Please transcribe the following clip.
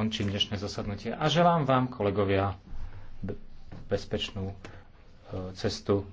končím dnešné zasadnutie a želám vám, kolegovia, bezpečnú e, cestu